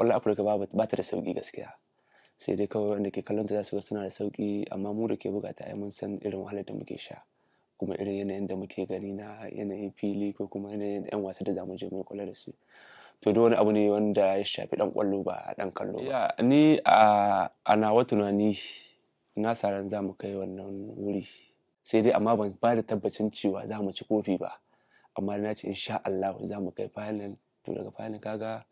ƙwallon afirka ba ta da sauƙi gaskiya sai dai kawai wanda ke kallon ta za ga suna da sauƙi amma mu da ke buga ta mun san irin wahalar da muke sha kuma irin yanayin da muke gani na yanayin fili ko kuma yanayin yan wasa da zamu je mu kula da su to da wani abu ne wanda ya shafi dan kwallo ba dan kallo ba ni a nawa tunani na sa ran zamu kai wannan wuri sai dai amma ban ba da tabbacin cewa za mu ci kofi ba amma na ce insha Allah za mu kai final to daga final kaga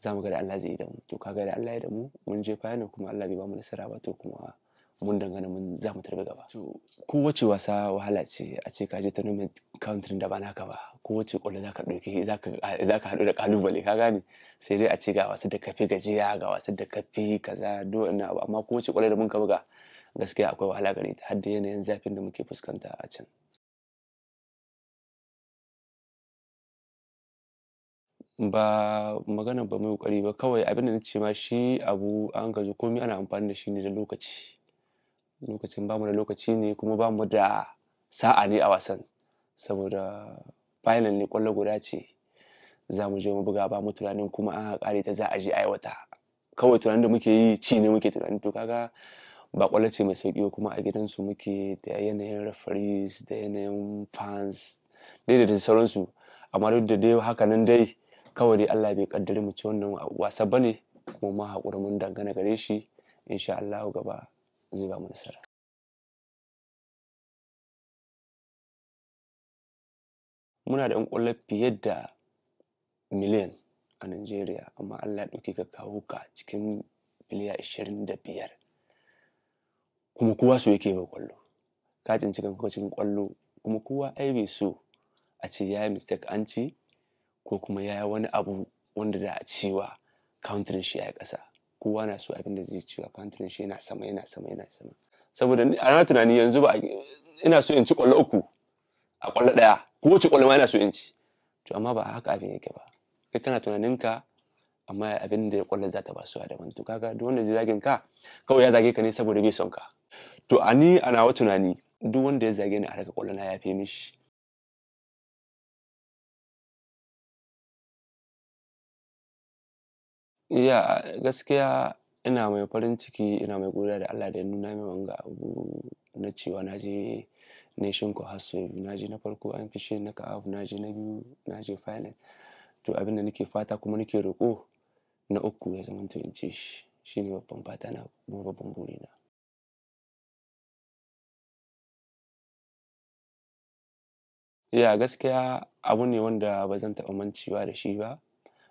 za mu ga da Allah zai yi da mu to kaga da Allah ya da mu mun je fayana kuma Allah bai ba mu nasara ba to kuma mun dangana mun za mu tarbi gaba to kowace wasa wahala ce a ce ka je tournament country da ba naka ba kowace kwallo zaka dauke zaka zaka hadu da kalubale ka gane sai dai a ce ga wasu da kafi gajiya ga wasu da kafi kaza do ina amma kowace kwallo da mun ka buga gaskiya akwai wahala gare ta har da yanayin zafin da muke fuskanta a can Ba magana ba mai ƙwari ba kawai abin da na ma shi abu an gaji komai ana amfani da shi ne da lokaci. Lokacin bamu da lokaci ne kuma bamu da sa'a ne a wasan. Saboda final ne ƙwallo guda ce za mu je mu buga ba mu tunanin kuma an haƙari ta za a je aiwata. Kawai tunanin da muke yi ci ne muke tunanin to kaga ba kwallo ce mai sauki ba kuma a gidansu muke da yanayin referees da yanayin fans dai sauransu amma duk da dai haka dai kawai dai Allah bai kaddare mu ci wannan wasa bane kuma ma haƙuri mun dangana gare shi insha Allah gaba zai ba mu nasara muna da 'yan kullu fiye da miliyan a Najeriya amma Allah ya dauke ka kawo ka cikin miliya biyar kuma kowa so yake ba ƙwallo ka cikin kan cikin ƙwallo kuma kowa ai bai so a ce ya yi mistake an ci ko kuma ya wani abu wanda da a cewa country shi ya yi ƙasa kowa na so abin da zai cewa country shi yana sama yana sama yana sama saboda a na tunani yanzu ba ina so in ci ƙwallo uku a ƙwallo ɗaya ko ci ƙwallo ma ina so in ci to amma ba haka abin yake ba kai kana tunaninka amma abin da ƙwallo za ta ba su daban to kaga duk wanda zai zagin ka kawai ya zage ka ne saboda bai son ka to a ni a nawa tunani duk wanda ya zage ni a harkar ƙwallo na ya fi mishi Iya gaskiya ina mai farin ciki ina mai godiya da Allah da ya nuna min wanga abu na cewa na je nation ko na je na farko an fishe na ka na je na biyu na je final to abin da nake fata kuma nake roƙo na uku ya zama to in ce shi shine babban fata na kuma babban burina ya gaskiya abu ne wanda ba zan taɓa mancewa da shi ba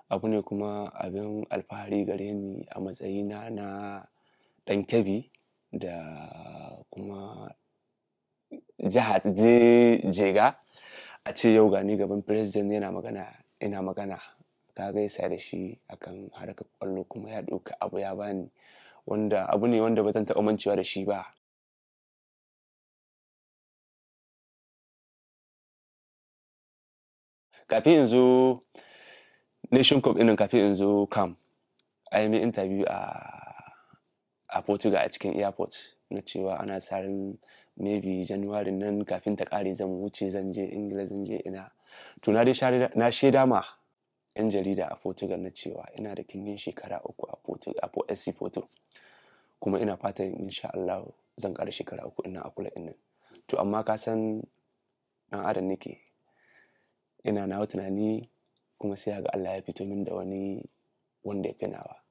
abu ne kuma abin alfahari gare ni a matsayina na ɗan kyabi da kuma jihar jega a ce yau gani gaban president yana magana ina magana ka gaisa da shi akan harkar kwallo kuma ya ɗauka abu ya bani wanda abu ne wanda ba zan taɓa mancewa da shi ba kafin in zo nation cup ɗin kafin in zo kam a yi interview a a portugal a cikin airport na cewa ana tsarin maybe january nan kafin ta kare zan wuce zan je ingila zan je ina to na dai na ma yan jarida a portugal na cewa ina da kingin shekara uku a portugal a sc porto kuma ina fatan insha Allah zan kara shekara uku ina a kula inin to amma ka san dan adam nake ina na tunani kuma sai ga Allah ya fito min da wani wanda ya fi nawa